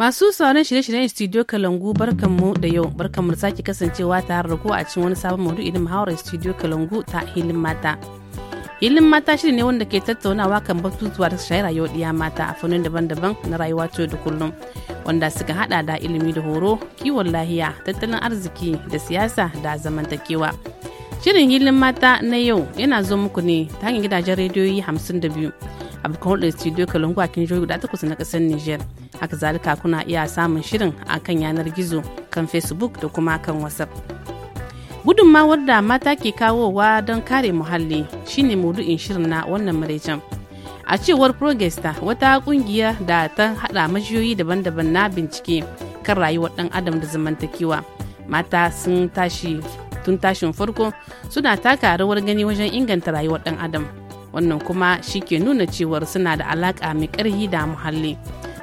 Masu sauran shirye-shiryen Studio Kalangu barkanmu da yau barkanmu da sake kasancewa tare da ku a cikin wani sabon maudu'i da muhawarar Studio Kalangu ta hilin mata. Hilin mata shi ne wanda ke tattaunawa kan batutuwa da shayi yau ɗiya mata a fannin daban-daban na rayuwa ta da kullum wanda suka hada da ilimi da horo, kiwon lahiya, tattalin arziki da siyasa da zamantakewa. Shirin hilin mata na yau yana zo muku ne ta hanyar gidajen rediyoyi 52 a bukawar wadda studio Kalangu a kin guda takwas na ƙasar Nijar. haka zalika kuna iya samun shirin a kan yanar gizo kan facebook da kuma kan whatsapp gudunmawar da mata ke kawowa don kare muhalli shine maudu'in shirin na wannan maraicen a cewar progesta wata kungiya da ta hada majiyoyi daban-daban na bincike kan rayuwar dan adam da zamantakewa mata sun tashi tun tashin farko suna taka rawar gani wajen inganta rayuwar dan adam wannan kuma shi ke nuna cewar suna da alaka mai karhi da muhalli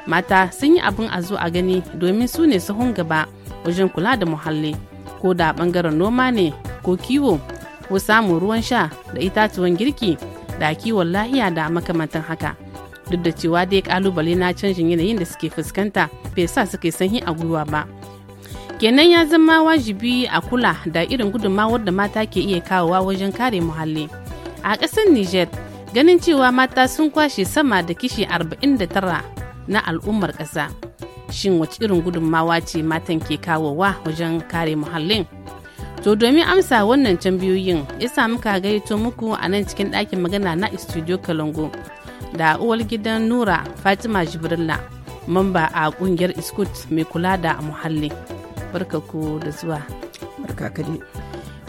mata sun yi abin a zo a gani domin su ne sahun gaba wajen kula da muhalli ko da bangaren noma ne ko kiwo ko samun ruwan sha da itatuwan girki da kiwon lahiya da makamantan haka duk da cewa dai kalubale na canjin yanayin da suke fuskanta bai sa suka sanyi a gwiwa ba kenan ya zama wajibi a kula da irin gudunmawar da mata ke iya kawowa wajen kare muhalli a ƙasar niger ganin cewa mata sun kwashe sama da kishi 49 na al'ummar ƙasa shin wace irin gudunmawa ce matan ke kawowa wajen kare muhallin to domin amsa wannan tambayoyin isa muka gaito muku a nan cikin ɗakin magana na studio kalango da uwar gidan nura fatima jibrilla mamba a kungiyar iskut mai kula da muhalli barkaku da zuwa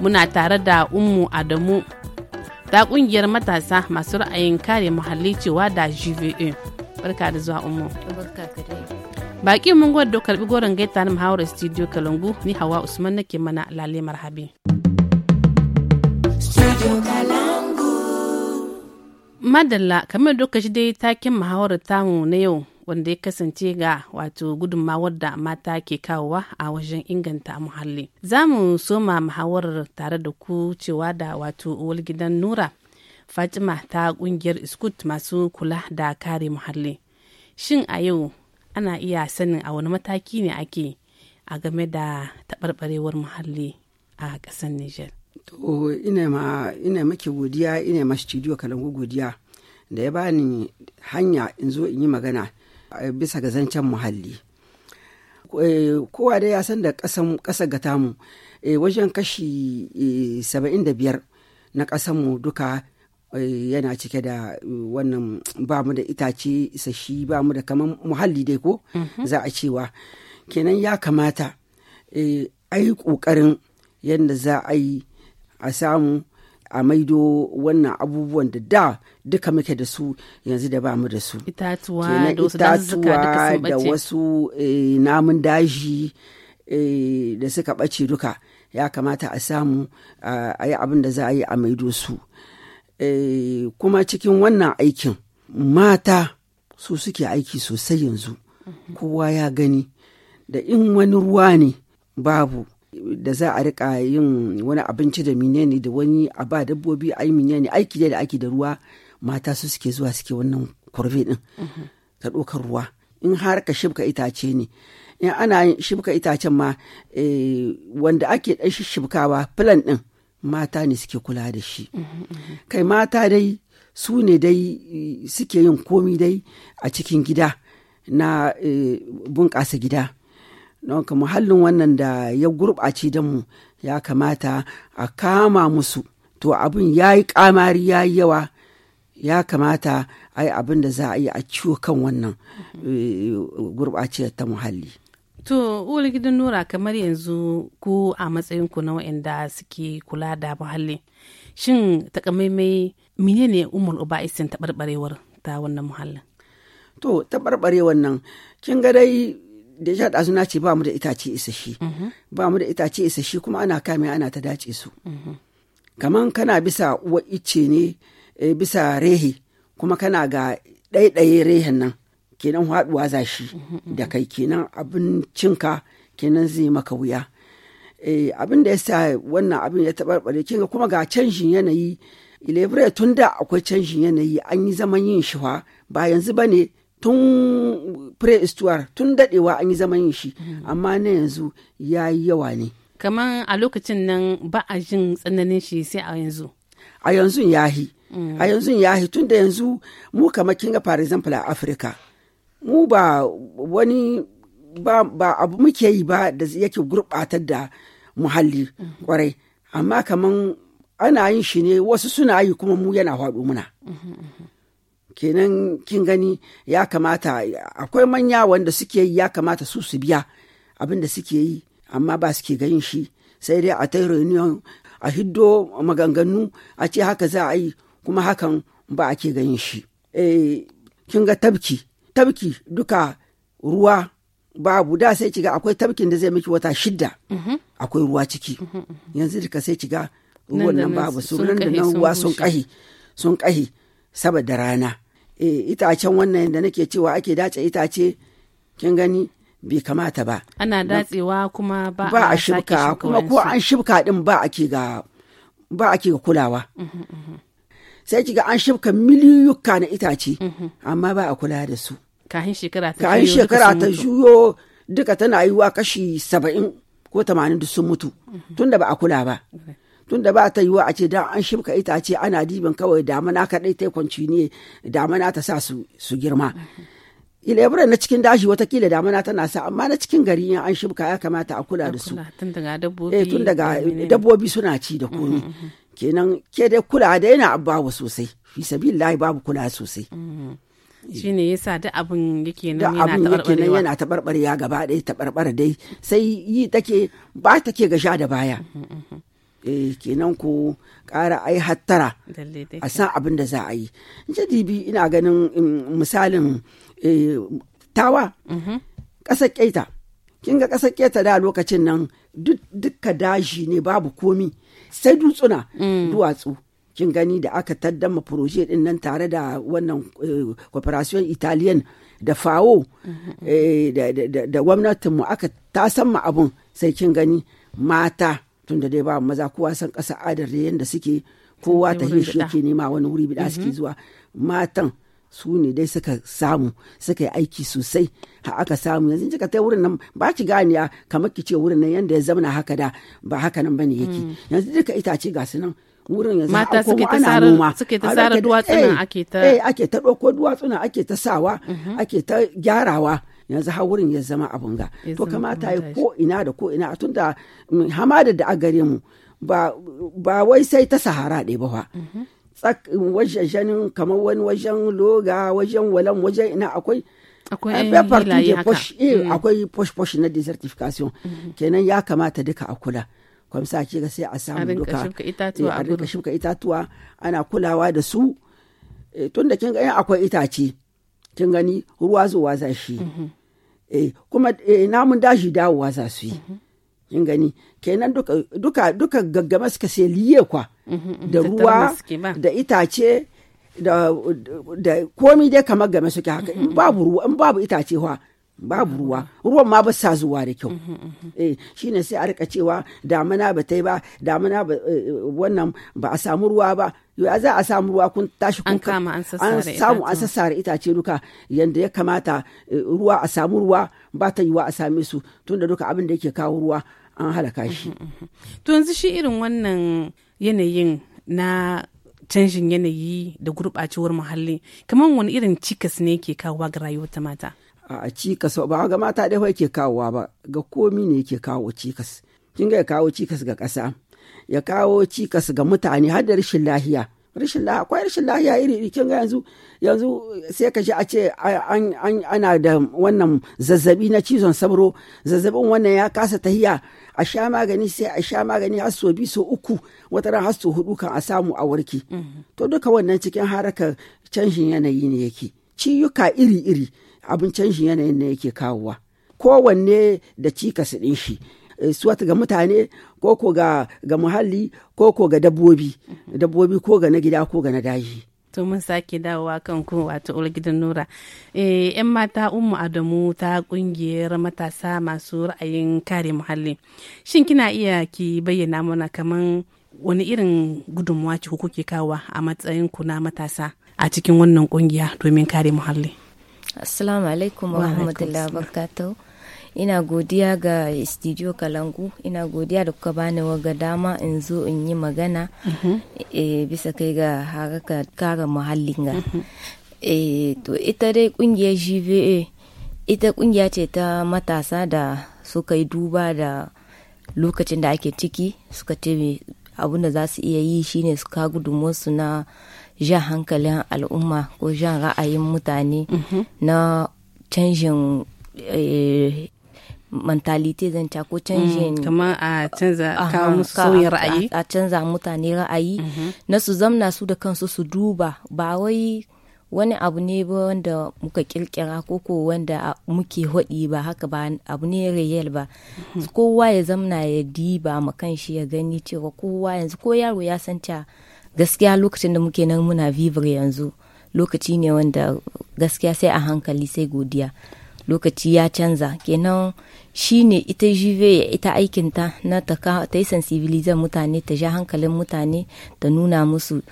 muna tare da ummu adamu ta ƙungiyar matasa masu ra'ayin kare muhalli cewa da gva barka da zuwa umu baki mun gwada karbi goron gaita na muhawar studio kalangu ni hawa usman nake mana lale marhabi madalla kamar lokaci dai takin muhawarar tamu na yau wanda ya kasance ga wato gudunmawar da mata ke kawowa a wajen inganta muhalli. Za mu soma muhawarar tare da ku cewa da wato uwar gidan Nura fatima ta kungiyar scout masu kula da kare muhalli shin a yau ana iya sanin a wani mataki ne ake a game da taɓarɓarewar muhalli a ƙasar niger to ina ma ina maki godiya ina ma studio kalangu godiya da ya bani hanya in zo in yi magana eh, bisa ga zancen muhalli eh, kowa dai ya san da ƙasar ga tamu eh, wajen kashi 75 na mu duka Eh, yana cike da eh, wannan bamu da itace isashi bamu da kamar muhalli dai ko mhm. za a cewa kenan ya kamata eh, a yi ƙoƙarin yadda za a yi a samu a maido wannan abubuwan da da duka muke da su yanzu da ba mu da su itatuwa da wasu namun daji da suka ɓace duka ya kamata a samu a yi abin da za a yi a maido su Eh, kuma cikin wannan aikin mata su suke aiki sosai yanzu kowa ya gani da in wani ruwa ne babu da za a rika yin wani abinci da ne da wani a ba dabbobi ai ne aiki da aiki da ruwa mata su suke zuwa suke wannan kurve din ta ɗaukar ruwa in har ka shibka itace ne in ana shibka itacen ma eh, wanda ake ɗan shibkawa filan din. mata ne suke kula da shi kai mata dai su ne dai eh, suke yin komi dai a cikin gida na eh, bunƙasa gida don ka muhallin wannan da ya gurɓace don mu ya kamata a kama musu to abin ya yi ƙamari ya yi yawa ya kamata a yi abin da za a yi a ciwo kan wannan eh, gurɓace ta muhalli To, Uwar gidan Nura kamar yanzu ku a matsayinku na waɗanda suke kula da muhalli. Shin takamaimai menene Umar Uba Isin taɓarɓarewar ta wannan muhallin? To, taɓarɓarewar nan, kin ga dai da ya da na ce ba mu da itace isashe. Mhm. Ba mu da itace isashe kuma ana kame ana ta dace su. Mhm. Kaman kana bisa wa ice ne eh, bisa rehi kuma kana ga ɗaiɗaye rehen nan. kenan haɗuwa za shi da kai kenan abincinka kenan zai maka wuya eh, abin da ya sa wannan abin ya taɓarɓare kinga kuma ga canjin yanayi ilebire tun da akwai canjin yanayi an yi zaman yin shi ba yanzu ba ne tun pre-istuwar tun daɗewa an yi zaman yin shi amma na yanzu ya yi yawa ne kamar a lokacin nan ba a jin tsananin shi sai a yanzu a yanzu yahi mm. a yanzu yahi tun da yanzu mu kamar kinga for example a afirka mu ba wani ba, abu muke yi ba da yake gurɓatar da muhalli kwarai mhm. amma kaman ana yin shi ne wasu suna yi kuma mu yana haɗu muna mhm, mhm. kenan kin gani ya kamata akwai manya wanda suke yi ya kamata su su biya abin da suke yi amma ba suke ganin shi sai dai a ta reunion a hiddo maganganu a ce haka za a yi kuma hakan ba ake ganin shi eh, kin ga tabki tabki duka ruwa babu da sai ciga akwai tabkin da zai miki wata shidda mhm. akwai ruwa ciki mhm, mhm. yanzu duka sai ciga ruwan nan babu su nan da nan ruwa sun kahi sun kahi saboda rana e, itacen wannan da nake cewa ake dace itace kin gani bai kamata ba ana datsewa kuma ba ba a shibka kuma ko an shibka din ba ake ga ba ake ga kulawa sai kiga an shibka miliyuka na itace amma ba a kula da su kahin shekara ta kahin shekara ta juyo duka tana yiwa kashi saba'in ko tamanin duk mutu mhm. tunda ba a kula ba tunda ba ta yiwa a ce dan an shimka itace ana dibin kawai damana kaɗai ta kwanci ne damana ta sa su girma ilebura mhm. na cikin dashi watakila damana tana sa amma na cikin gari in an shimka ya kamata a kula da su tun daga eh, dabbobi suna ci da mhm, komi kenan ke dai kula da yana abawa sosai fi sabilillahi babu kula sosai shi ne yasa da abin yake nan yana taɓarɓarewa gaba ɗaya taɓarɓar dai sai yi take ba take ga sha da baya mm-hmm, mm-hmm. eh kenan ko ƙara ai hattara a san abin da za a yi jadibi ina ganin mm, misalin eh, tawa mm-hmm. ƙasar keta kin ga ƙasar keta da lokacin nan dukka dashi ne babu komi sai dutsuna mm. duwatsu kin gani da aka taddama proje din nan tare da wannan eh, cooperation italian da fawo mm-hmm. eh, da gwamnatinmu aka ma abun sai kin gani mata tunda dai ba maza kowa san ƙasa adar da yadda suke kowa ta shi yake nema wani wuri bida suke mm-hmm. zuwa matan su ne dai suka samu suka yi aiki sosai ha aka samu yanzu kika kai wurin nan ba ki ganiya kamar ki ce wurin nan yanda ya na haka da ba haka nan bane yake mm. yanzu duka itace ga su nan wurin yanzu mata suke ta sara suke ta sara duwatsuna eh, ake ta eh ake ta dauko duwatsuna ake ta sawa mhm. ake ta gyarawa yanzu har wurin ya zama abun ga to kamata ya ko ina da ko ina tunda hamada da a gare mu ba ba wai sai ta sahara ɗaya ba fa mhm. wajen kamar wani wajen loga wajen walan wajen ina akwai eh, mm. akwai posh posh na desertification mhm. kenan ya kamata duka a kula kwamsa ce ga sai a samu duka eh, a rinka shuka itatuwa ana kulawa da su eh, tun da kin gani akwai itace kin gani ruwa zuwa za shi mm-hmm. eh, kuma namun daji dawowa za su yi mm-hmm. kin gani kenan duka duka gaggama suka sai liye kwa mm-hmm, da ruwa da itace da komi dai kamar game suke haka in babu ruwa in babu itace babu ruwa ruwan ma ba sa zuwa da kyau shi eh, shine sai a rika cewa damina ba ta yi ba damina ba eh, eh, wannan ba a samu ruwa ba ya za a samu ruwa kun tashi kun kama an samu an sassare itace duka yanda ya kamata ruwa a samu ruwa ba ta yiwa a same su tunda duka abin da yake kawo ruwa an halaka shi to yanzu shi irin wannan yanayin na canjin yanayi da gurɓacewar muhalli kamar wani irin cikas ne ke kawo ga rayuwar ta mata a cikas ba ga mata dai yake kawowa ba ga komi ne yake kawo cikas kin ga ya kawo cikas ga ƙasa ya kawo cikas ga mutane har da rashin lahiya rashin lahiya akwai rashin lahiya iri iri kin ga yanzu yanzu sai ka ji a ce ana da wannan zazzabi na cizon sabro zazzabin wannan ya kasa tahiya a sha magani sai a sha magani har so bi so uku wata ran har so hudu kan a samu a warki. Mm-hmm. to duka wannan cikin haraka canjin yanayi ne yake ciyuka iri iri abin canjin yanayin ne yake kawowa kowanne da cikas ɗin shi eh, suwata ga mutane ko ko ga, muhalli ko ko ga dabbobi dabbobi ko ga na gida ko ga na daji to mun sake dawowa kan ku wato gidan nura yan eh, mata ummu adamu ta kungiyar matasa masu ra'ayin kare muhalli shin kina iya ki bayyana mana kamar wani irin gudunmuwa ce kuke kawa a matsayin ku na matasa a cikin wannan kungiya domin kare muhalli assalamu alaikum wa rahmatullahi wa ina godiya ga studio kalangu ina godiya da kuka bani waga dama in zo in yi magana mhm. eh, bisa kai ga haraka kare muhallin ga mhm. eh, to ita dai kungiyar gva ita kungiya ce ta matasa da suka yi duba da lokacin da ake ciki suka ce abin da za su iya yi shine su ka gudunmuwarsu na jan hankalin al'umma ko jan ra'ayin mutane mhm. na canjin eh, mentalite zan ta ko canjin mm, kamar a canza kawo musu sauyin ra'ayi a canza mutane ra'ayi mhm. na su zamna su da kansu su duba ba wai wani abu ne ba wanda muka kirkira ko ko wanda muke hodi ba haka ba abu ne real ba mhm. kowa ya zamna ya diba ma kanshi ya gani cewa kowa yanzu ko yaro ya san ta gaskiya lokacin da muke nan muna vivre yanzu lokaci ne wanda gaskiya sai a hankali sai godiya lokaci ya canza kenan shi ne ita juve ita aikinta na ta yi sensibilizar mutane ta ja hankalin mutane ta nuna musu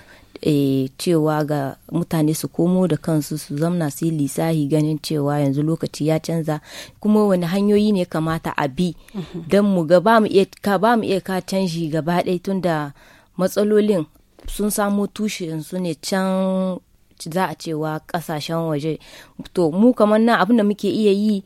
e, cewa ga mutane su komo da kansu su zamna su yi lisahi ganin cewa yanzu lokaci ya canza kuma wani hanyoyi ne kamata a bi mhm. don mu ga ba mu iya ka canji gaba ɗaya tun da matsalolin sun samo tushe su ne can za a cewa kasashen waje to mu kamar na abin da muke iya yi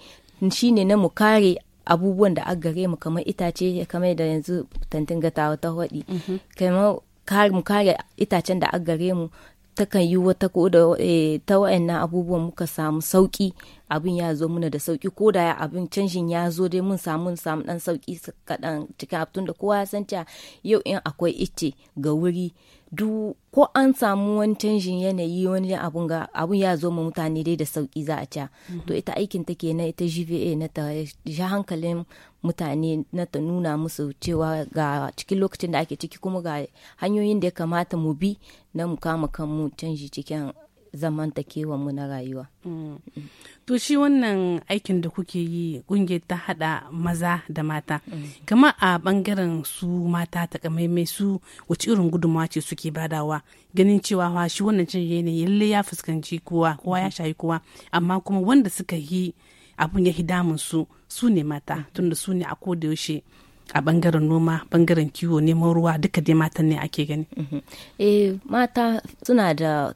shine na mu kare abubuwan da gare mu kamar itace kamar da yanzu tantin gatawa ta hwaɗi mhm. kamar mu kare itacen da gare mu takan yi wata ko da eh, ta wa'annan abubuwan muka samu sauki abin ya zo muna da sauki ko da abin canjin ya zo dai mun samu samu dan sauki kaɗan cikin abtun da kowa ya san cewa yau in akwai ice ga wuri du ko an samu wani canjin yanayi wani abun ga abun ya zo ma mutane dai da sauki za a ca mhm. to ita aikin take na ita GVA na ta ji hankalin mutane na ta nuna musu cewa ga cikin lokacin da ake ciki kuma ga hanyoyin da ya kamata mu bi na mu kama kanmu canji cikin mu na rayuwa. Mm. Mm. To shi wannan aikin da kuke yi kungiyar ta hada maza da mata. Mm. Kama a bangaren su mata ta takamaimai su wace irin gudunmawa ce suke badawa ganin cewa wa shi wannan cin yanayi yalle ya fuskanci kowa kowa ya shayi kowa amma kuma wanda suka yi abun ya hidamun su su ne mata tunda su ne a koda yaushe a bangaren noma bangaren kiwo neman ruwa duka dai matan ne ake gani mhm. eh mata suna da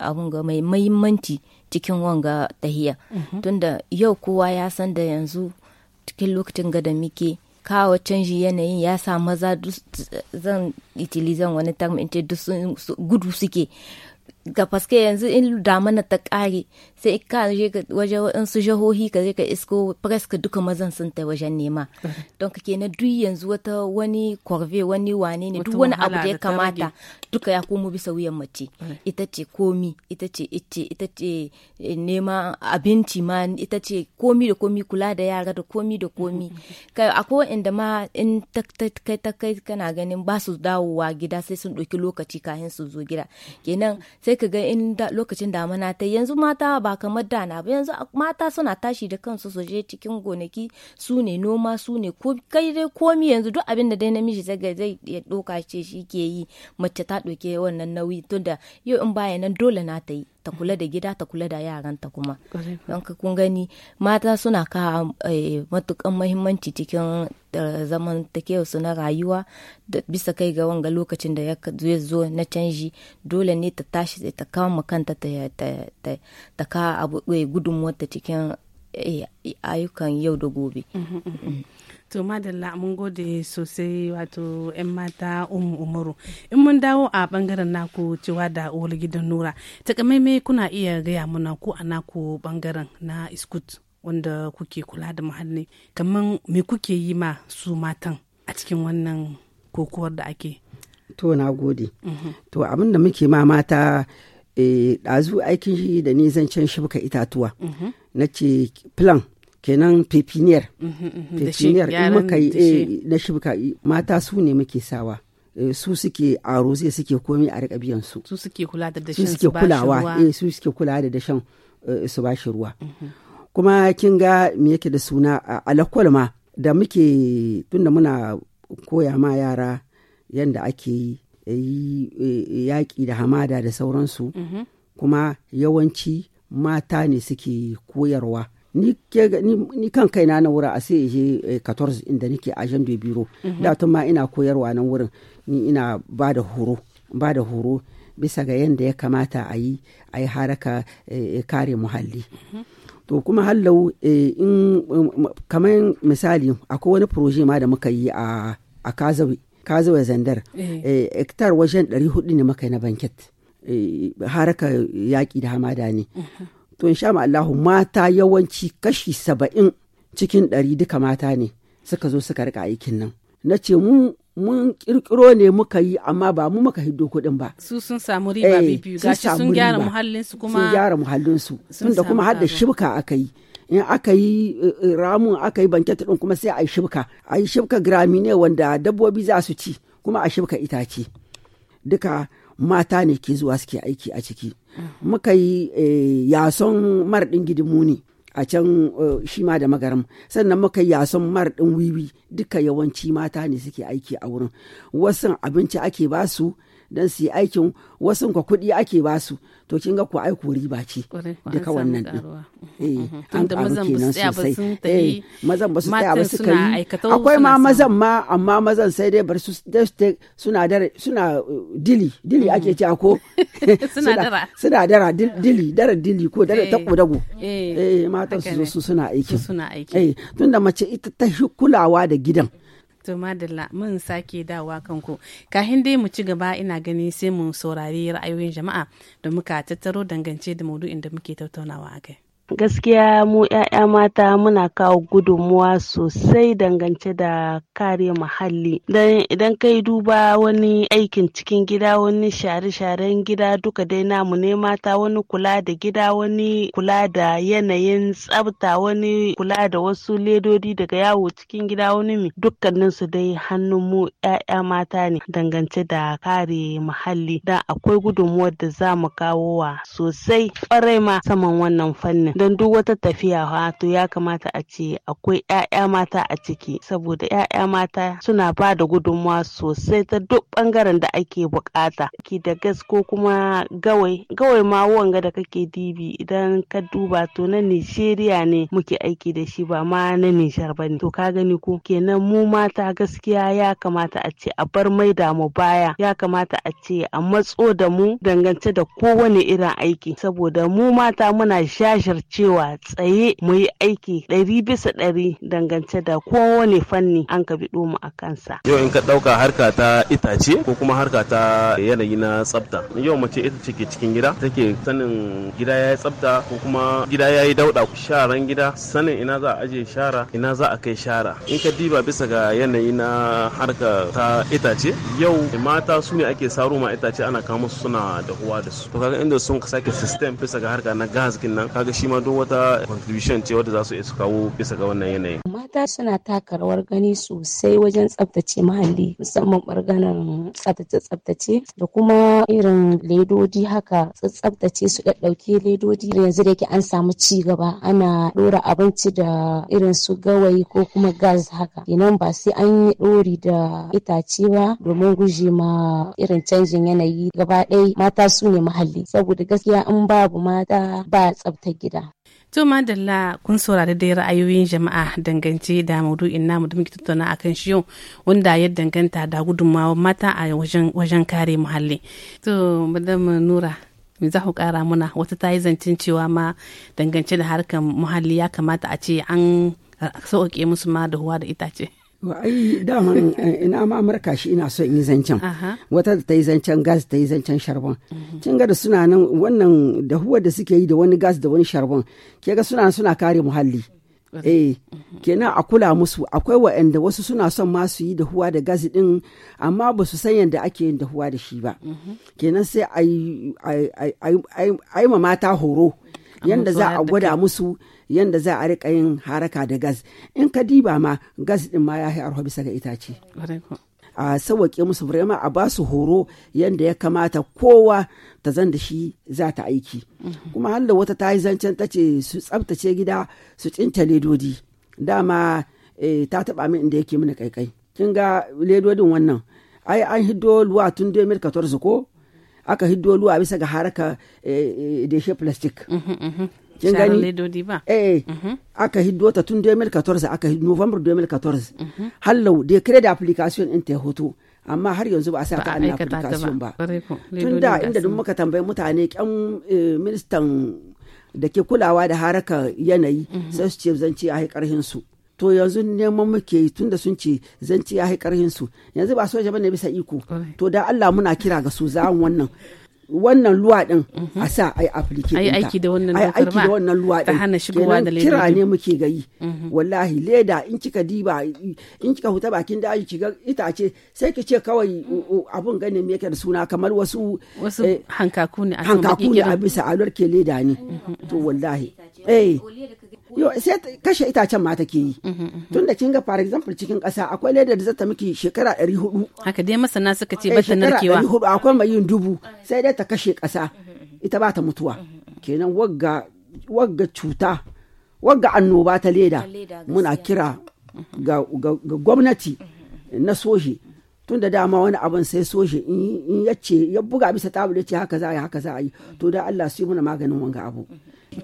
abun mai mahimmanci cikin wanga tahiya mhm. tunda yau kowa ya san da yanzu cikin lokacin gada muke kawo canji yanayin ya sa maza zan itili wani term in ce gudu suke ga faske yanzu in damana ta kare sai ka je waje su jihohi ka je ka isko preska duka mazan sun ta wajen nema don ka kenan duk yanzu wata wani korve wani wane ne duk wani abu da ya kamata duka ya komo bisa wuyan mace ita ce komi ita ce ice ita ce eh, nema abinci ma ita ce komi da komi kula da yara da komi da komi kai akwai inda ma in ta kai ta kai kana ganin ba su dawowa gida sai sun ɗauki lokaci kafin su zo gida kenan sai ka ga in da lokacin damana ta yanzu mata ba kamar da na ba yanzu mata suna tashi da kansu su je cikin gonaki su ne noma su ne ko kai dai komi yanzu duk abin da dai namiji zai zai ya doka ce shi ke yi mace ta doke wannan nauyi tunda yau in baya nan dole na ta yi ta kula da gida ta kula da ta kuma don ka kun gani mata suna ka eh, matukan mahimmanci cikin eh, zaman su na rayuwa da bisa kai ga wanga lokacin da ya zo na canji dole ne ta tashi ta kama kanta ta ka abu eh, ta cikin ayyukan yau da gobe mhm, mhm, mhm. Mm-hmm. to madalla mun gode sosai wato 'yan mata umu umaru in mun dawo a bangaren naku cewa da uwar gidan nura takamaimai kuna iya gaya mana ko a naku bangaren na iskut wanda kuke kula da muhalli kamar me kuke yi ma su matan a cikin wannan kokowar da ake to na gode mhm. to abin da muke ma mata eh, ɗazu aikin shi da nisan can shibka itatuwa mhm. na ce plan kenan pepiniyar mhm, mhm, pepiniyar in muka yi eh, na shibka mata su ne muke sawa eh, su suke aro suke komi a rika biyan su su suke kula da dashen su suke kulawa eh, da dashen su ba shi ruwa mhm. kuma kin ga me yake da suna alakwal ma da muke tunda muna koya ma yara yanda ake yi yaƙi da hamada da sauransu kuma yawanci mata ne suke koyarwa ni ke ni, ni kan kaina na wurin a sai je 14 eh, inda nake a jambe biro mhm. da tun ma ina koyarwa nan wurin ni ina ba da horo ba da horo bisa ga yadda ya kamata a yi a yi haraka eh, kare muhalli mhm. to kuma hallau eh, in um, um, kamar misali akwai wani proje ma da muka yi a kazawe kazawe zandar hektar wajen 400 ne muka yi na banket haraka yaƙi da hamada ne mhm. to in sha Allahu mata yawanci kashi saba'in cikin ɗari duka mata ne suka zo suka rika aikin nan na ce mu mun kirkiro ne muka yi amma ba mu muka hiddo kuɗin ba su sun samu riba eh, biyu gashi sun gyara su kuma sun gyara muhallin su. sun da kuma har shibka aka yi in aka yi eh, ramun aka yi banket din kuma sai a yi shibka a yi shibka grami ne wanda dabbobi za su ci kuma a shibka itace duka mata ne ke zuwa suke aiki a ciki muka yi eh, yason marɗin gidimu ne a can eh, shi ma da magaram sannan muka yi yason marɗin wiwi duka yawanci mata ne suke aiki a wurin wasu abinci ake basu don su yi aikin wasu ka kuɗi ake ba su to kin ga ku aiko riba ce duka wannan din eh, mm-hmm. an karu kenan sosai eh, mazan ba su tsaya ba suka kai akwai ma mazan ma amma mazan sai dai bar su suna dara suna uh, dili dili mm-hmm. ake cewa ko suna dara suna dara dili dara dili ko dara eh, ta kodago eh matan su suna aikin tunda mace ita ta kulawa da gidan to madalla mun sake dawa kanku kahin dai mu ci gaba ina gani sai mu saurari ra'ayoyin jama'a da muka tattaro dangance da maudu'in da muke tattaunawa a kai gaskiya mu 'ya'ya mata muna kawo gudunmuwa sosai dangance da kare muhalli Idan idan kai duba wani aikin cikin gida wani share-sharen gida duka dai namu ne mata wani kula da gida wani kula da yanayin tsabta wani kula da wasu ledodi daga yawo cikin gida wani mi dukkanin su dai hannun mu 'ya'ya mata ne dangance da kare muhalli Da akwai gudunmuwar da za mu kawo wa sosai ƙwarai ma saman wannan fannin don duk wata tafiya to ya kamata a ce akwai ƴaƴa mata a ciki saboda ƴaƴa mata suna ba da gudunmawa sosai ta duk bangaren da ake bukata ki da gas ko kuma gawai gawai ma wanga da kake dibi idan ka duba to na nigeria ne muke aiki da shi ba ma na nijar ba ne to ka gani ko kenan mu mata gaskiya ya kamata a ce a bar maida mu baya ya kamata a ce a matso da mu dangance da kowane irin aiki saboda mu mata muna shashar cewa tsaye mu yi aiki ɗari bisa ɗari dangance da kowane fanni an ka biɗo mu a kansa. Yau in ka ɗauka harka ta itace ko kuma harka ta yanayi na tsafta. Yau mace ita ce ke cikin gida take sanin gida ya yi tsafta ko kuma gida ya yi dauɗa sharan gida sanin ina za a aje shara ina za a kai shara. In ka diba bisa ga yanayi na harka ta itace yau mata su ne ake saro ma itace ana kama suna dahuwa da su. To kaga inda sun sake system bisa ga harka na gas nan kaga shi ma kuma duk wata contribution ce wadda za su kawo bisa ga wannan yanayin. Mata suna taka rawar gani sosai wajen tsaftace muhalli musamman ɓangaren tsaftace-tsaftace da kuma irin ledodi haka tsaftace su ɗaɗɗauki ledodi yanzu da yake an samu ci gaba ana ɗora abinci da irin su gawayi ko kuma gas haka kenan ba sai an yi ɗori da itace ba domin guje ma irin canjin yanayi gaba ɗaya mata su ne muhalli saboda gaskiya in babu mata ba tsaftar gida To madalla kun saurari dai ra'ayoyin jama'a dangance da maudu'in namu da muke tattauna akan shi yau wanda ya danganta da gudunmawa mata a wajen kare muhalli. To madam Nura me za ku kara muna wata ta yi zancen cewa ma dangance da harkar muhalli ya kamata a ce an sauƙaƙe musu ma da huwa da itace. ai daman eh, ina ma amurka shi ina so in yi zancen wata da ta yi zancen gas ta yi zancen sharbon mhm. kin ga da suna nan wannan da huwa da suke yi da wani gas da wani sharbon ke ga suna suna kare muhalli eh mhm. kenan a kula musu akwai waɗanda wasu suna son ma su yi da huwa da gas din amma ba su san yadda ake yin da huwa da shi ba mhm. kenan sai ai ma mata horo yadda za a gwada musu yanda za a rika yin haraka da gas in ka diba ma gas din ma ya arho bisa ga itace a sauwaƙe musu burema a ba su horo yadda ya kamata kowa ta zan da shi za ta aiki mhm. kuma har da wata ta yi zancen ta ce su tsabtace gida su tsinta ledodi dama eh, ta taɓa min inda yake mini kaikai kin ga ledodin wannan ai an hiddo luwa tun 2014 ko aka hiddo luwa bisa ga haraka eh, eh, da shi plastic mhm, mhm. kin gani ledodi ba eh mhm. aka hiddo ta tun 2014 aka hiddo November 2014 mhm. hallau kire da application din ta hoto amma har yanzu ba a saka an application ba tun da inda duk muka tambayi mutane kan eh, ministan da ke kulawa da haraka yanayi mhm. sai su ce zance a karhin su to yanzu neman muke tun tunda sun ce zance a karhin su yanzu ba soja bane bisa iko to da Allah muna kira ga su za wannan wannan din mhm. a sa a yi aplike A aiki da wannan luwa din hana shigowa da ledoji. kira ne muke gayi. Mhm. Wallahi leda in kika diba in kika huta bakin daji ki ga itace sai ki ce kawai abun ganin me yake da suna kamar wasu. Wasu hankaku eh, ne. Hankaku ne a bisa alwar ke leda ne. Mhm. To wallahi. Eh. yo sai kashe itacen ma take yi mhm, mhm, mhm. tun da kin ga for example cikin ƙasa akwai ledar da zata miki shekara 400 haka dai masana suka ce eh, bata narkewa shekara 400 akwai mai yin dubu sai dai ta kashe ƙasa ita ba ta mutuwa kenan wagga wagga cuta wagga annoba ta leda muna kira ga, gwamnati na soji tun da dama wani abin sai soji in ya ce ya buga bisa tablet ce haka za a yi haka za a yi to da Allah su yi muna maganin wanga abu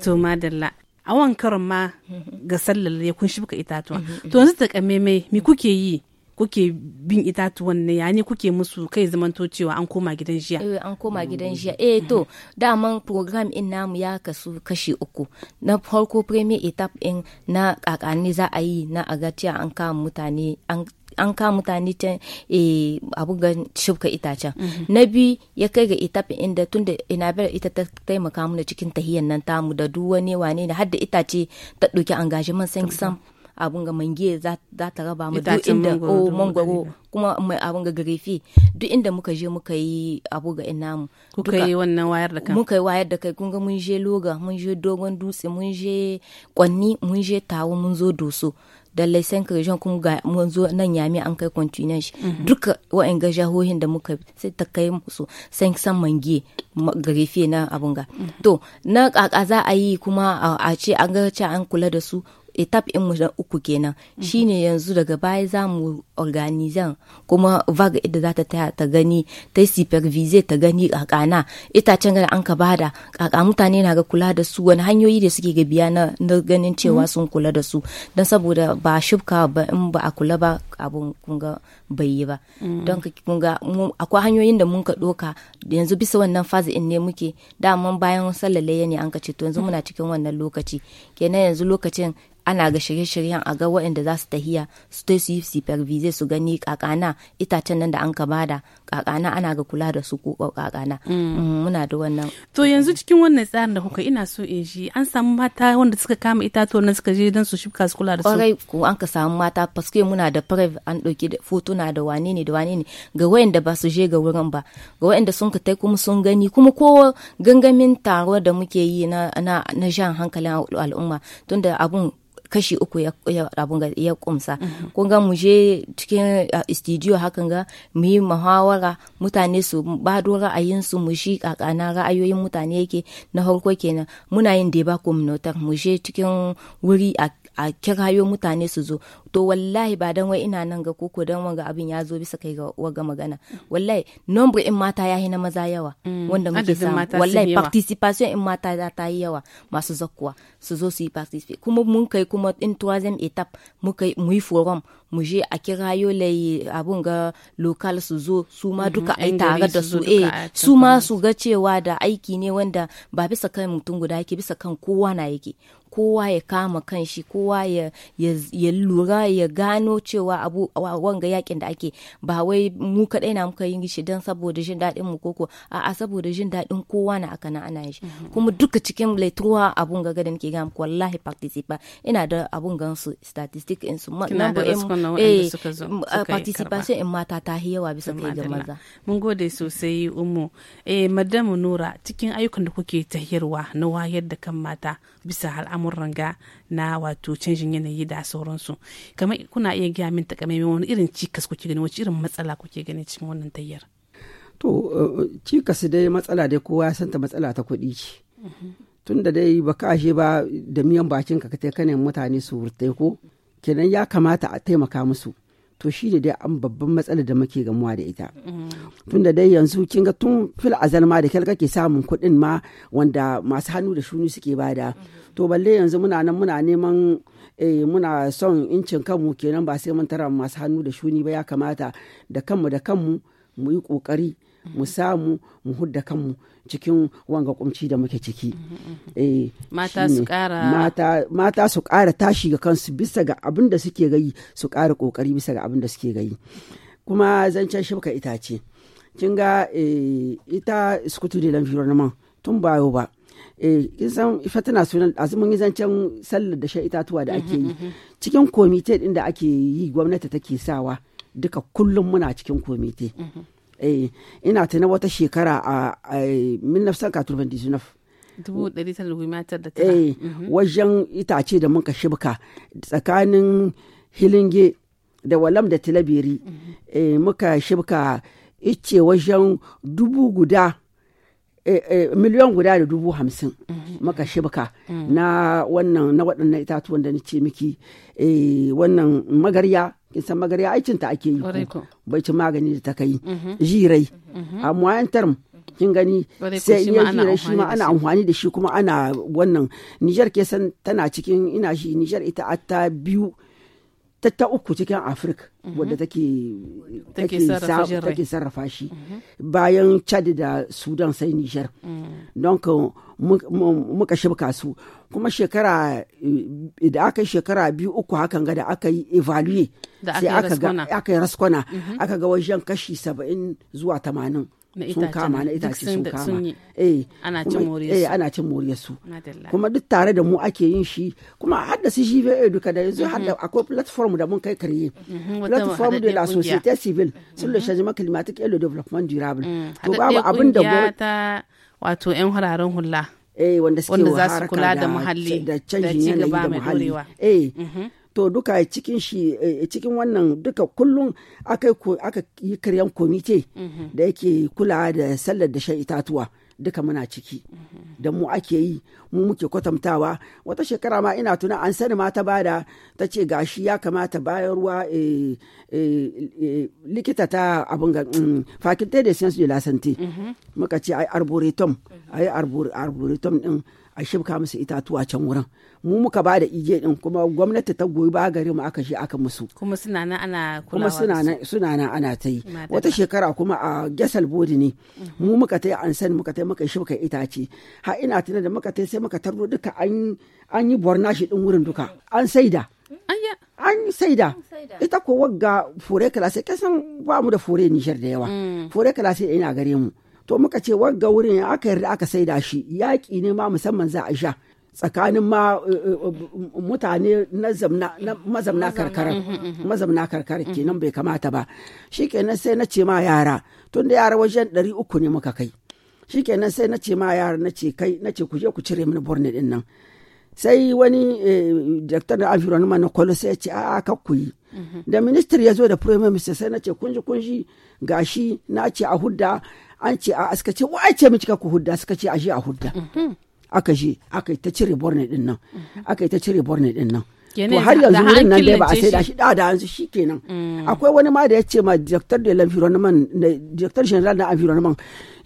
to madalla a wankarin ma ga sallar ya kun shibka itatuwa to yanzu ta kameme mi kuke yi kuke bin itatuwan ne ya ne kuke musu kai zamanto cewa an koma gidan jiya eh an koma gidan jiya eh to daman program in namu ya kasu kashi uku na farko premier etap in na kakanni za a yi na agatiya an kama mutane an an ka mutane can e, abu ga shubka itacen mm -hmm. na bi ya kai ga itafin inda tunda ina bar ita ta taimaka mana cikin tahiyan nan tamu da duk wani wane ne har da itace ta ɗauki engagement san sam abun ga mangiye za ta raba mu duk inda oh, o mangwaro kuma mai abun ga garefi duk inda muka je muka yi abu ga ina mu kuka yi wannan wayar da kai muka yi wayar da kai kun ga mun je loga mun je dogon dutse mun je kwanni mun je tawo mun zo doso da laisan jan kuma ga mun zo nan yami an kai kwantinan shi mhm. duka ga jahohin da muka sai ta kai musu san san mange garefe na abunga mhm. to na kaka za a yi kuma a ce an ga an kula da su etap in mu uku kenan mhm. ne yanzu daga baya za mu organizan kuma vaga ita za ta taya ta gani ta yi supervise ta gani kakana itacen gada an ka da kaka mutane na ga kula da su wani hanyoyi da suke gabiya na ganin cewa mhm. sun kula da su don saboda ba shubka ba in ba a kula ba abun kunga bai yi ba mhm. don kunga akwai hanyoyin da mun ka doka yanzu bisa wannan fazi in ne muke daman bayan sallalaya ne an ka ce to yanzu muna cikin wannan lokaci kenan yanzu lokacin ana ga shirye-shiryen a ga waɗanda za su tahiya su ta su yi supervise su gani kakana itacen nan da an ka bada kakana ana ga kula da su ko kakana mm. Mm, muna da wannan to yanzu cikin wannan tsarin da kuka ina so in ji an samu mata wanda suka kama itatuwan nan suka je don su shifka su kula da su kwarai ko an ka samu mata paske muna da prev an ɗauki fotuna da wane ne da wane ne ga waɗanda ba su je ga wurin ba ga waɗanda sun ka tai kuma sun gani kuma ko gangamin taro da muke yi na jan hankalin al'umma tunda abun kashi uku ya abun ga ya kumsa mhm. kun ga mu cikin studio hakan ga mu yi muhawara mutane su bado ra'ayin su mu shi kakana ra'ayoyin mutane yake na farko kenan muna yin deba kuminotar mu je cikin wuri a kirayo mutane su zo to wallahi ba dan wai ina nan ga koko dan wanga abin ya zo bisa kai ga waga magana wallahi number in mata yahi na maza yawa mm. wanda muke samu wallahi participation in mata ta yi yawa masu zakkuwa su zo su yi participate kuma mun kai kuma in troisième étape mu kai mu yi forum mu je a kirayo lai abun ga local su zo su ma mm-hmm. duka ai tare da su eh su ma su ga cewa da aiki ne wanda ba bisa kan mutum guda yake bisa kan kowa na yake kowa ya kama kanshi kowa ya lura ya gano cewa abu wanga yakin da ake ba wai mu kadai na muka yi shi don saboda jin daɗin mu koko a saboda jin daɗin kowa na aka na ana mhm. kuma duka cikin laituwa abun ga da ke ga wallahi participa ina da abun gan su statistic in su eh, participation in mata ta bisa kai ga maza mun eh, nura cikin ayyukan da kuke tahirwa na wayar da kan mata bisa al'amuran ga na wato canjin yanayi da sauransu kamar kuna iya gaya min takamaimai wani irin cikas kuke gani wacce irin matsala kuke gani cikin wannan tayyar to cikas dai matsala dai kowa ya santa matsala ta kuɗi ce tun da dai ba ka ashe ba da miyan bakin ka kai kanin mutane su wurtai ko kenan ya kamata a taimaka musu to shi da dai an babban matsalar da muke gamuwa da ita mm. tun da dai yanzu kin ga tun fil azal da kalka kake samun kuɗin ma wanda masu hannu da shuni suke bada mm. to balle yanzu muna nan muna neman eh, muna son incin kanmu kenan ba sai mun tara masu hannu da shuni ba ya kamata da kanmu da kanmu mu yi ƙoƙari mu samu mu hudda kanmu cikin wanga kumci da muke ciki eh, mata su kara tashi ga kansu bisa ga abin da suke gayi su kara kokari bisa ga abin da suke gayi kuma zancen ita itace kin ga eh, ita sukutu da l'environnement tun bayo ba eh kin san tana sunan azumin zancen sallar da shan itatuwa da ake yi mm-hmm, mm-hmm. cikin komite ɗin da ake yi gwamnati take sawa duka kullum muna cikin komite mm-hmm. Eh, ina na wata shekara a 1999 eh, mhm. wajen itace da muka shibka tsakanin hilinge da walam da tilabiri mhm. eh, muka shibka ice wajen dubu guda Eh, eh, miliyan guda da dubu hamsin maka shibka na wannan na waɗannan itatuwan da ce miki eh, wannan magarya kin san magarya ta ake yi bai ci magani da ta kai mhm. jirai amma yan term kin gani sai in shi ma ana amfani da shi kuma ana wannan Nijar ke san tana cikin ina shi Nijar ita ta biyu ta uku cikin afirka mhm. wadda take sarrafa shi mhm. bayan chad da sudan sai nijar mhm. don ka muka shibka su kuma shekara da aka yi shekara biyu uku hakan ga da aka yi evaluate sai aka yi raskwana aka ga wajen kashi saba'in zuwa tamanin sun kama na itace sun kama eh, eh ana cin moriyar eh ana cin moriyar su kuma duk tare da mu ake yin shi kuma har da shi bai duka da yanzu har da mm-hmm. akwai platform da mun kai kare mm-hmm, platform de la société civile sur mm-hmm. le changement climatique et le développement durable mm, to babu abin da gwamnati wato yan hararen hulla eh wanda suke wanda za kula da muhalli da canjin yanayi da muhalli eh to duka cikin shi eh, cikin wannan duka kullum aka yi karyan komite mhm. da yake kula da sallar da shan itatuwa duka muna ciki mhm. da mu ake yi mu muke kwatantawa wata shekara ma ina tuna an sani mata bada ta ce gashi ya kamata bayarwa eh, eh, likita ta abin ga mm, faculté de sciences de la santé mhm. muka ce ai arboretum ai arboretum din a shibka musu itatuwa can wurin mu muka ba da ije din kuma gwamnati ta goyi ba gari mu aka shi aka musu kuma suna nan ana kulawa kuma suna nan suna nan ana ta yi wata shekara kuma a gesal bodi ne mhm. mu muka ta yi ansan muka ta muka shibka itace ha ina tuna da muka ta sai muka tarro duka an an yi borna shi din wurin duka an saida an yi. saida ita ko wagga fure kalase kasan ba mu da fure Nijar da yawa mm. fure kalasai ina gare mu to muka ce wagga wurin aka yarda aka saida shi yaƙi ne ma musamman za a sha tsakanin ma uh, uh, uh, mutane na mazamna karkara mm, mm, mm, mazamna karkara kenan bai kamata ba shikenan sai na ce ma yara tun da yara wajen ɗari uku ne muka kai shikenan sai na ce ma yara na ce kai na ce ku je ku cire mini borne din nan sai wani eh, daktar da environment na kwallo sai ya ce a'a kar ku yi mm-hmm. da minister ya zo da prime minister sai na ce kunji kunji gashi na ce a hudda an ce a askace wa ce mu cika ku hudda suka ce a je a hudda mm-hmm. aka je aka yi ta cire borne din nan mhm. aka yi ta cire borne din nan to har yanzu wurin nan dai ba a sai da shi da da yanzu shi kenan mm. akwai wani ma da ya ce ma director de l'environnement director general na environnement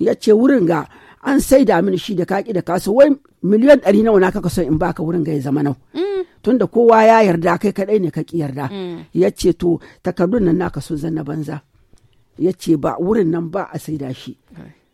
ya ce wurin ga an sai da mini shi da kaki da kasu wai miliyan ɗari nawa na kaka son in baka wurin ga ya zama nau mm. tunda kowa ya yarda kai kadai ne ka ki yarda mm. ya ce to takardun nan naka zan zanna banza ya ce ba wurin nan ba a sai da shi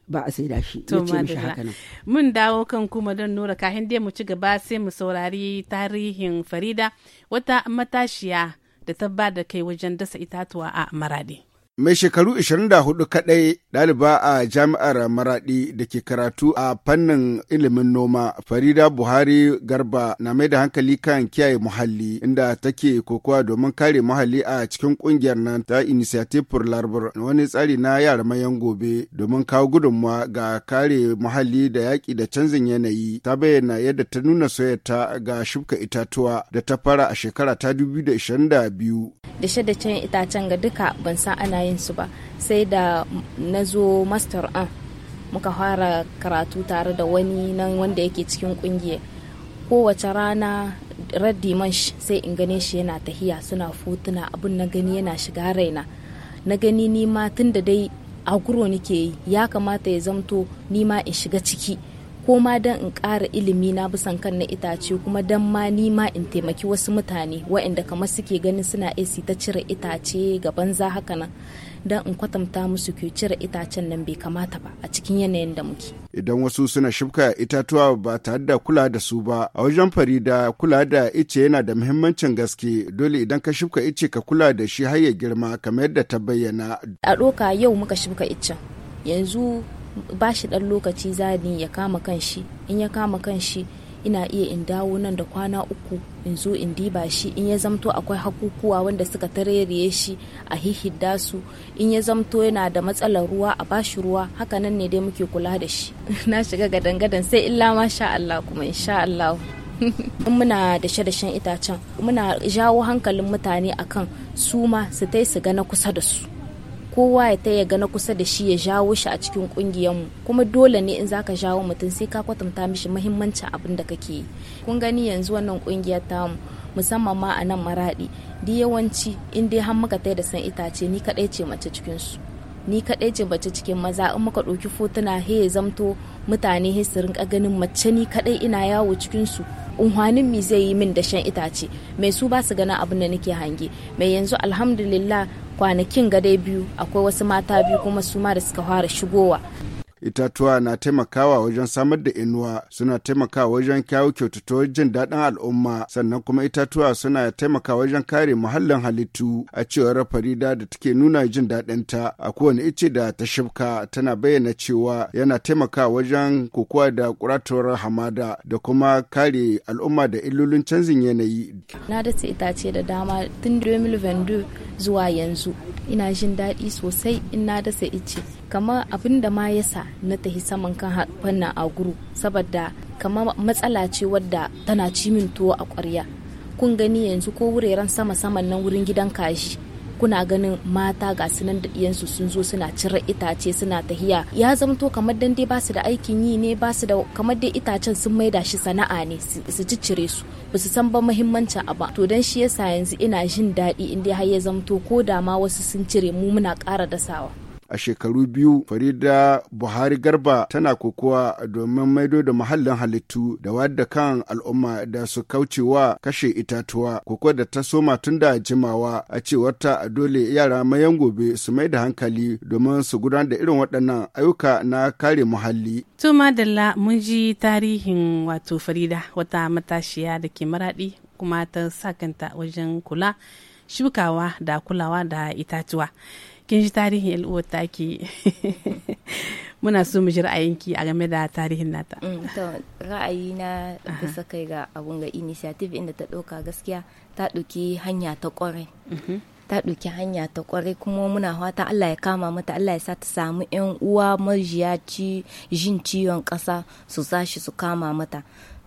ba a saida shi ya ce mishi haka nan mun dawo kan kuma don nura kahin dai mu ci gaba sai mu saurari tarihin farida wata matashiya da ta ba da kai wajen dasa itatuwa a maradi Mai shekaru 24 kaɗai ɗaliba a jami'ar Maraɗi da ke karatu a fannin ilimin noma Farida Buhari Garba na mai da hankali kan kiyaye muhalli inda take kokowa domin kare muhalli a cikin ƙungiyar nan ta Initiative for larbor wani tsari na yara mayan gobe domin kawo gudunmuwa ga kare muhalli da yaƙi da canjin yanayi ta bayyana yadda ta nuna soyayyarta ga shuka itatuwa da ta fara a shekara ta 2022. da dashen itacen ga duka ban san ana su ba sai da na zo master an muka fara karatu tare da wani nan wanda yake cikin kungiya kowace rana raddi man sai in gane shi yana tahiya suna hotuna abin na gani yana shiga raina na gani nima tun da dai aguro nike yi ya kamata ya zamto nima in shiga ciki ko ma don in ƙara ilimi na bisan kan na itace kuma don ma ni in taimaki wasu mutane waɗanda kamar suke ganin suna esi ta cire itace gaban za haka nan don in kwatanta musu ke cire itacen nan bai kamata ba a cikin yanayin da muke. Idan wasu suna shibka itatuwa ba tare da kula da su ba, a wajen farida kula da ice yana da muhimmancin gaske dole idan ka shibka ice ka kula da shi har ya girma kamar yadda ta bayyana. A ɗoka yau muka shibka icen, yanzu ba shi ɗan lokaci zani ya kama kanshi in ya kama kan shi ina iya in dawo nan da kwana uku in zo in diba shi in ya zamto akwai hakukuwa wanda suka tareriye shi a hihidda su in ya zamto yana da matsalar ruwa a bashi ruwa haka nan ne dai muke kula da shi na shiga gadan-gadan sai illa ma sha Allah kuma insha Allah muna da shan itacen muna jawo hankalin mutane akan su ma su tai su ga na kusa da su kowa ya taya ga na kusa da shi ya jawo shi a cikin kungiyar mu kuma dole ne in zaka jawo mutum sai ka kwatanta mishi muhimmancin abin da kake yi kun gani yanzu wannan kungiyar ta mu musamman ma a nan maradi di yawanci in dai har muka taya da san itace ni kadai ce mace cikin su ni kadai ce mace cikin maza in muka ɗauki fotuna he ya zamto mutane he su rinka ganin mace ni kadai ina yawo cikin su unhwanin mi zai yi min da shan itace mai su ba su ganin abin da nake hange mai yanzu alhamdulillah kwanakin ga biyu akwai wasu mata biyu kuma su ma da suka fara shigowa itatuwa na taimakawa wajen samar da inuwa suna taimakawa wajen kyawu kyautatuwar jin daɗin al'umma sannan kuma itatuwa suna taimakawa wajen kare muhallin halittu a cewar farida da take nuna jin daɗinta a kowane ice da ta shibka tana bayyana cewa yana taimakawa wajen kokowa da kuratuwar hamada da kuma kare al'umma da illolin canjin yanayi. Na da itace da dama tun 2022 zuwa yanzu ina jin daɗi sosai in na dasa ice kamar abin da ma sa na tahi saman kan fannin aguru saboda kama matsala ce wadda tana cimin tuwo a kwarya kun gani yanzu ko wuraren sama saman nan wurin gidan kashi kuna ganin mata ga su da iyansu sun zo suna cire itace suna tahiya ya zamto kamar dan dai basu da aikin yi ne basu da kamar dai itacen sun maida shi sana'a ne su ciccire su basu san ba muhimmancin abu to dan shi yasa yanzu ina jin daɗi in dai har ya zamto ko da ma wasu sun cire mu muna ƙara dasawa a shekaru biyu farida buhari garba tana kokowa domin maido da muhallin halittu da wadda kan al'umma da su kaucewa kashe itatuwa koko da ta soma tun da jimawa a cewarta dole yara mayan gobe su mai da hankali domin su gudanar da irin waɗannan ayyuka na kare muhalli. to madalla mun ji tarihin wato farida wata matashiya da ke maraɗi kuma ta sakanta wajen kula shukawa da kulawa da itatuwa. cikin ji tarihin yal'uwar taki muna so mu ji ra'ayinki a game da tarihin nata mm, ra'ayi na bisa kai ga abun ga initiative inda ta ɗauka gaskiya ta ɗauki hanya ta ƙware mhm. ta ɗauki hanya ta kwarai kuma muna fata Allah ya kama mata Allah ya sa ta samu 'yan uwa majiyaci jin ciwon ƙasa su sashi su kama mata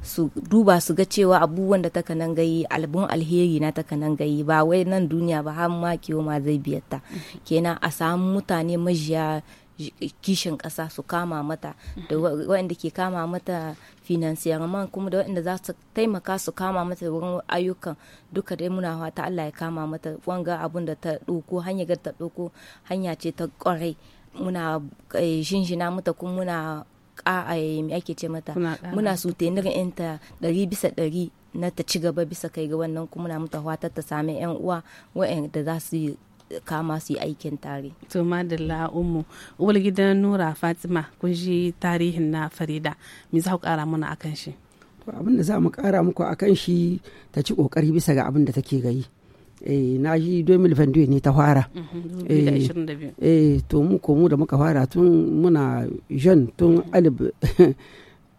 su duba su ga cewa abubuwan da ta nan gayi albun alheri na taka nan gayi ba wai nan duniya ba har ma kiwo ma zai biyarta kenan a samu mutane majiya kishin kasa su kama mata da waɗanda ke kama mata man kuma da waɗanda za su taimaka su kama mata wurin ayyukan duka dai muna fata Allah ya kama mata wanga abun da ta doko hanya ta hanya ce ta ƙwarai muna eh, shinshina mata kuma muna mai ake ce mata muna tenirin yanta ɗari bisa ɗari na ta ci gaba bisa kai ga wannan kuma muna ta fatar ta sami yan uwa da za su kama su yi aikin tare. To madalla umu uwar gidan Nura Fatima kun ji tarihin na Farida me za ku ƙara mana akan shi? To abin da za mu ƙara muku akan shi ta ci ƙoƙari bisa ga abin da take gayi. eh na shi 2022 ne ta fara mhm, eh to mu ko mu da muka fara tun muna jeune tun mhm. alib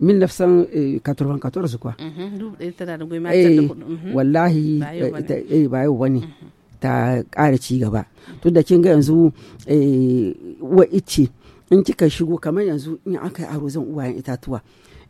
1994 kuwa mhm, eh, eh, wallahi ba yau wani eh, ta ƙara ci gaba tun da kin ga yanzu wa ice in kika shigo kamar yanzu in aka yi aro zan uwayen itatuwa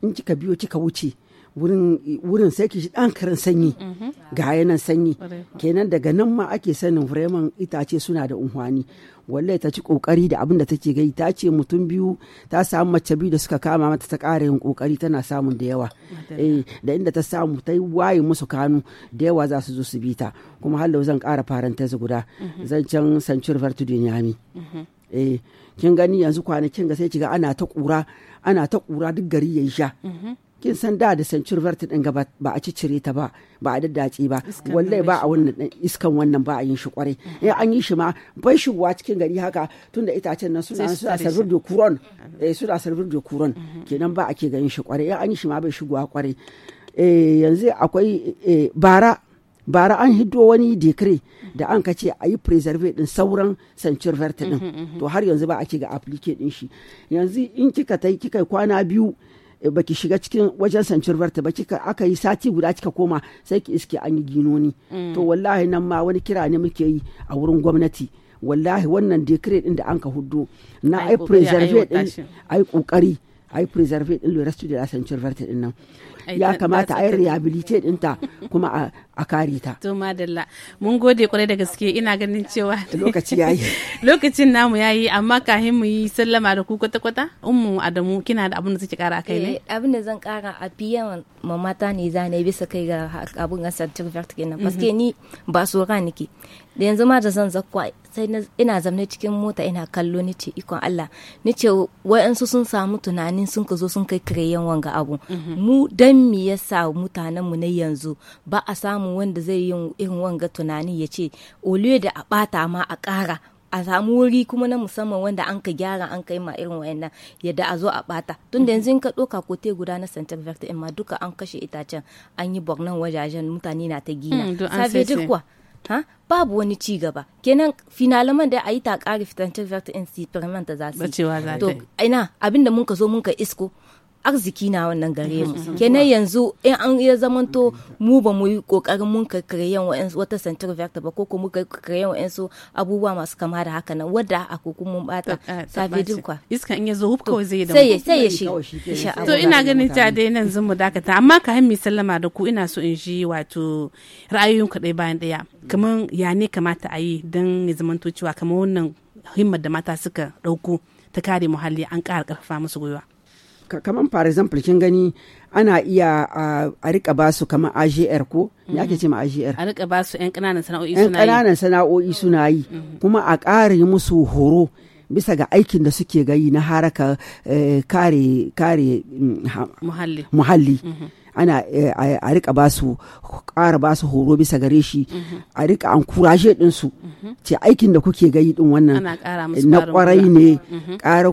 in kika biyo kika wuce wurin sai ki dan karan sanyi mhm. ga yanan sanyi kenan daga nan ma ake sanin vraiment itace suna da unhwani wallahi ta ci kokari da abin da take gai ta ce mutum biyu ta samu mace biyu da suka kama mata ta ƙara yin kokari tana samun da yawa eh da inda ta samu ta yi waye musu kanu da yawa za su zo su bi ta kuma hallau zan ƙara farantez guda mhm. zan can sancur vertu nyami mhm. eh kin gani yanzu kwanakin ga sai kiga ana ta kura ana ta kura duk gari ya sha kin san da da central vert din gaba ba a cicire ta ba ba a daddace ba wallahi ba a wannan eh, iskan wannan ba a yin shi kwarai eh an yi shi ma bai shigowa cikin gari haka tunda itacen nan suna suna sarfin da kuron eh suna sarfin da kuron kenan ba ake ganin shi kwarai eh an yi shi ma bai shigowa kwarai eh yanzu akwai eh, bara bara an hiddo wani decree da an ka ce a yi preserve din sauran central vert din to har yanzu ba ake ga applique din shi yanzu in kika tai kika kwana biyu Eh, baki shiga cikin wajen Sancin barta ba kika aka yi sati guda kika koma sai ki iske an yi ginoni mm. to wallahi nan ma wani kira ne muke yi a wurin gwamnati wallahi wannan decree din da an ka huddo na ai preserve din ai kokari ai preserve din le restu de la din nan ya kamata a yi rehabilitate dinta kuma a kare ta. To madalla mun gode kwarai da gaske ina ganin cewa lokaci ya yi. Lokacin namu yayi amma kahin mu yi sallama da ku kwata kwata ummu Adamu kina da abin da suke kara kai ne? Eh, abin da zan kara a fiye ma mata ne zane ne bisa kai ga abin ga certificate kenan. Mhm. Paske ni ba so nake. da yanzu ma da zan zakwa sai ina zamne cikin mota ina kallo ni ce ikon Allah ni ce wa'yansu sun samu tunanin sun ka zo sun kai kireyen wanga abu mhm. mu dan mi yasa mutanen mu na yanzu ba a samu wanda zai yin irin wanga tunani ya ce oliyo da a bata ma a kara a samu wuri kuma na musamman wanda an ka gyara an kai ma irin wayannan yadda a zo a bata tun da yanzu in ka ɗauka kote guda na Central Vector ma duka an kashe itacen an yi bornan wajajen mutane na ta gina. Mm, duk kuwa ha babu wani ci gaba kenan finalaman da a yi ta ƙari fitan fitan experiment za su yi to ina abinda mun ka zo mun ka isko arziki na wannan gare mhm, mu mhm, mhm. kenan yanzu in an ya to mu ba mu yi kokarin mun kakkareyan wata central vector ba ko kuma mu karkare wa'ansu abubuwa masu kama da haka nan wadda a kokun mun bata safe eh, dukwa iska in ya zo hub zai da sai sai ya shi to ina ganin ta dai nan zan mu dakata amma ka mi sallama da ku ina so in ji wato ra'ayoyin ku dai bayan daya kaman ya ne kamata a yi don ya to cewa kaman wannan himmar da mata suka dauko ta kare muhalli an ƙara ƙarfafa musu gwiwa kamar for example kin gani ana iya a rika ba su kamar AGR ko me ake ce ma A.G.R. a rika ba su yan kananan sana'o'i suna yi yan kananan sana'o'i suna yi kuma a ƙara musu horo bisa ga aikin da suke gayi na haraka eh, kare kare mm, muhalli mm-hmm. ana eh, a rika ba su ƙara ba su horo bisa gare shi a rika an kuraje din su ce aikin da kuke gayi din wannan na kwarai ne mm-hmm. ƙara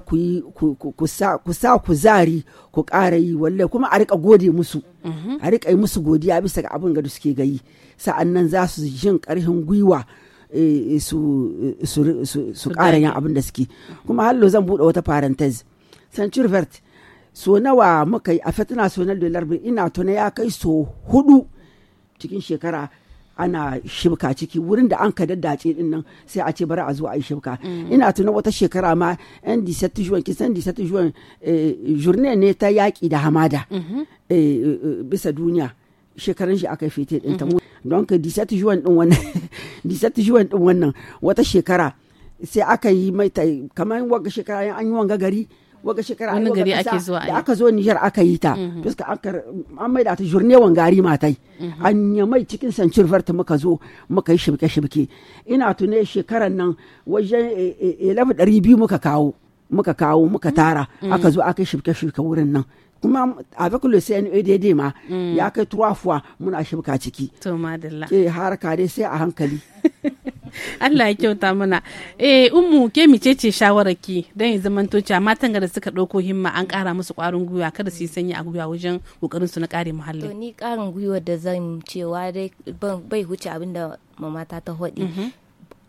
ku sa kuzari ku ƙara yi wallahi kuma a rika gode musu mm-hmm. a rika yi musu godiya bisa ga abin da suke gayi nan za su jin ƙarfin gwiwa eh, eh, su ƙara yin abin da suke kuma hallo zan buɗe wata parentes century so nawa muka yi a fitina so na dolar ina tuna ya kai so hudu cikin shekara ana shibka ciki wurin da an ka daddace din nan sai a ce bari a zo a yi shibka mm. ina tuna wata shekara ma yan disatti juwan kisan disatti juwan eh, jurne ne ta yaƙi da hamada mm-hmm. eh, eh, bisa duniya shekaran shi aka fete din ta mm-hmm. don ka disatti juwan din wannan disatti juwan din wannan wata shekara sai aka yi mai kamar wanga shekara an yi wanga gari waga shekara a gari ake zuwa da aka zo Nijar aka yi ta mhm. fuska an maida ta jurne wangari matai mhm. an mai cikin sancir farta muka zo muka yi shibke shibke ina tune shekaran nan wajen 1200 eh, eh, muka kawo muka kawo muka mhm. tara aka zo aka yi shibke shibke wurin nan kuma avec le CNEDD ma ya kai trois fois muna shibka ciki to madalla eh dai sai a hankali Allah ya kyauta mana. Eh ummu ke mi ce shawararki dan ya zaman toci matan da suka ɗauko himma an ƙara musu ƙwarin gwiwa kada su yi sanyi a gwiwa wajen ƙoƙarin su na ƙare muhalli. To ni ƙarin gwiwa da zan cewa dai bai huce abin da mamata ta haɗi.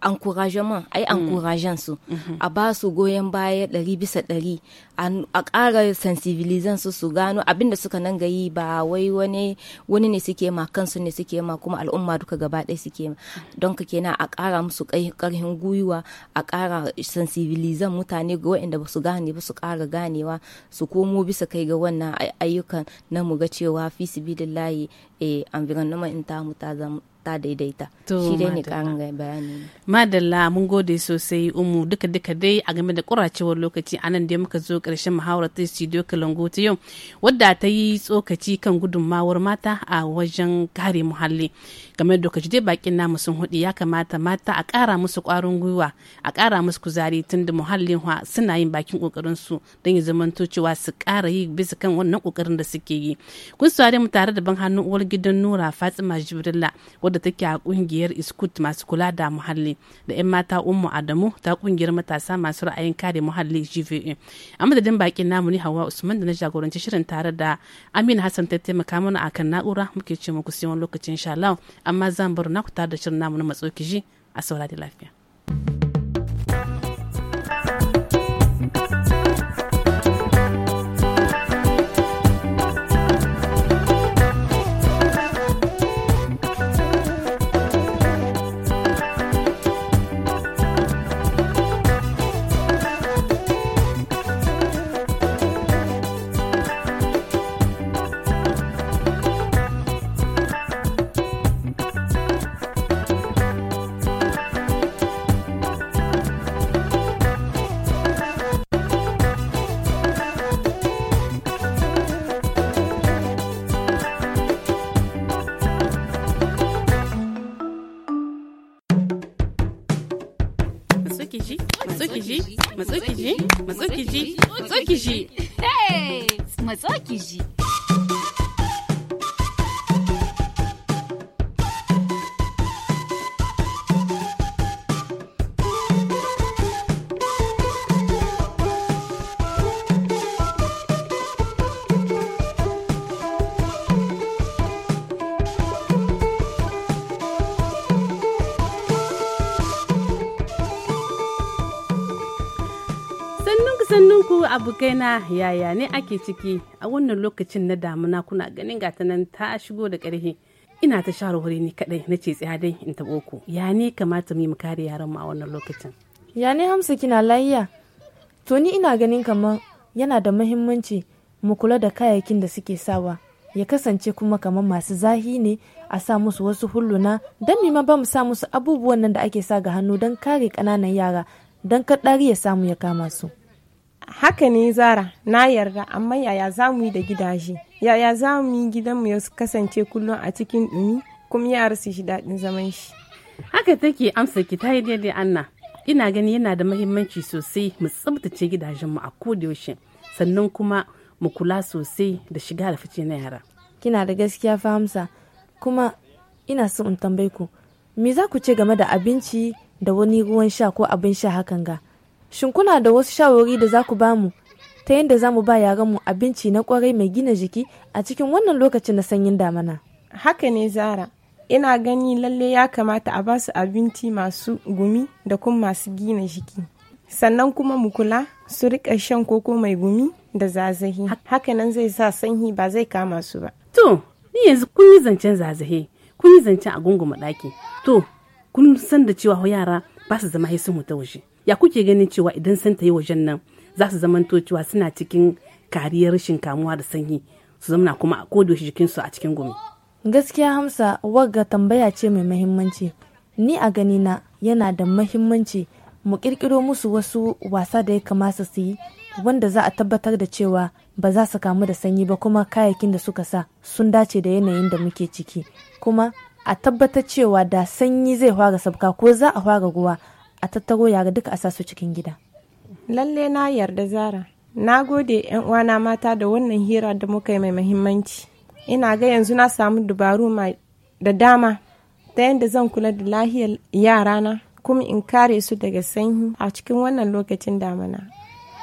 encouragement ai mm. encouragen su mm-hmm. a ba su goyon baya ɗari bisa ɗari a ƙara sensibilizan su su gano abinda suka nan gayi ba wai wani wani ne suke ma kansu ne suke ma kuma al'umma duka gaba ɗaya suke ma don ka kenan a ƙara musu ƙarfin gwiwa a ƙara sensibilizan mutane ga waɗanda ba su gane ba su ƙara ganewa su komo bisa kai ga wannan ayyukan na mu ga cewa fi sibilillahi eh environment in ta mu ta zama ta daidaita shi ne kan bayani madalla mun gode sosai umu duka duka dai a game da kuracewar lokaci anan dai muka zo karshen muhawarar ta studio kalango ta yau wadda ta yi tsokaci kan gudunmawar mata a wajen kare muhalli game da kaji dai bakin namu sun hudu ya kamata mata a kara musu kwarin gwiwa a ƙara musu kuzari tun da muhallin suna yin bakin kokarin su don ya zamanto cewa su kara yi bisa kan wannan kokarin da suke yi kun saurari mu tare da ban hannu uwar gidan nura fatima jibrilla wadda take a ƙungiyar iskut masu kula da muhalli da 'yan mata ummu adamu ta ƙungiyar matasa masu ra'ayin kare muhalli gva a madadin bakin namu ni hawa usman da na jagoranci shirin tare da amina hassan ta taimaka mana akan na'ura muke ce muku sai wani lokacin sha amma zan bar na tare da shirin namu na matsoki ji a saurari lafiya. abokaina yaya ne ake ciki a wannan lokacin na damuna kuna ganin gata nan ta shigo da ƙarfi ina ta shawarwari ni kadai na ce tsaya dai in taɓo ku ya ne kamata mu yi mu kare yaran mu a wannan lokacin. ya ne hamsa kina lafiya to ni ina ganin kamar yana da muhimmanci mu kula da kayayyakin da suke sawa ya kasance kuma kamar masu zahi ne a sa musu wasu hulluna don nima ba mu sa musu abubuwan nan da ake sa ga hannu don kare kananan yara don kaɗari ya samu ya kama su. haka ne zara na yarda amma yaya za mu yi da gidaje yaya za mu yi gidanmu ya kasance kullum a cikin dumi kuma ya su shi daɗin zaman shi haka take amsa ki ta yi daidai anna ina gani yana da mahimmanci sosai mu tsabtace gidajenmu a kodayaushe sannan kuma mu kula sosai da shiga da fice na yara kina da gaskiya amsa kuma ina son in tambaye ku me za ku ce game da abinci da wani ruwan sha ko abin sha hakan ga Shin kuna da wasu shawari da za ku ba mu ta yadda za mu ba yaran mu abinci na kwarai mai gina jiki a cikin wannan lokacin na sanyin damana? Haka ne Zara, ina gani lalle ya kamata a ba su abinci masu gumi da kuma masu gina jiki. Sannan kuma mu kula su rika shan koko mai gumi da zazahi. Hakanan zai sa sanyi ba zai kama su ba. To, ni yanzu kun yi zancen zazahi, kun yi zancen a gungun ɗaki. To, kun san da cewa yara ba su zama mu ta waje. ya kuke ganin cewa idan sun tayi wajen nan za su zamanto cewa suna cikin kariyar rashin kamuwa da sanyi su zamana kuma a kodo jikinsu a cikin gumi gaskiya hamsa wagga tambaya ce mai mahimmanci ni a ganina yana da mahimmanci mu kirkiro musu wasu wasa da ya kamata su yi wanda za a tabbatar da cewa ba za su kamu da sanyi ba kuma kayayyakin da suka sa sun dace da yanayin da muke ciki kuma a tabbatar cewa da sanyi zai fara sabka ko za a fara ruwa a tattaro yara duka a sasu cikin gida lalle na yarda zara na gode yan uwana mata da wannan hira da muka yi mai mahimmanci ina ga yanzu na samu dabaru da dama ta yadda zan kula da lahiyar yarana kuma in kare su daga sanyi a cikin wannan lokacin damana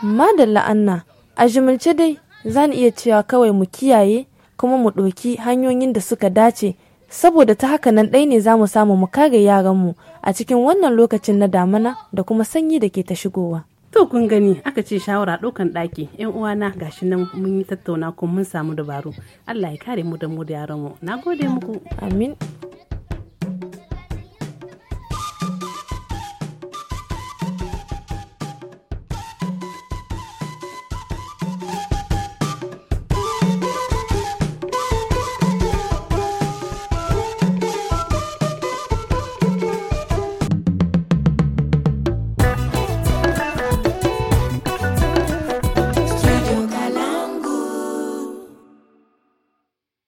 madalla anna a jimilce dai zan iya cewa kawai mu kiyaye kuma mu ɗauki hanyoyin da suka dace saboda ta haka nan ɗai ne za mu samu mu kare yaranmu a cikin wannan lokacin na damana da kuma sanyi da ke ta shigowa. To kun gani aka ce shawara ɗaukan ɗaki ‘yan uwana gashi nan mun yi tattauna kuma mun samu dabaru. Allah ya kare mu da mu da yaranmu. Na gode muku. Amin.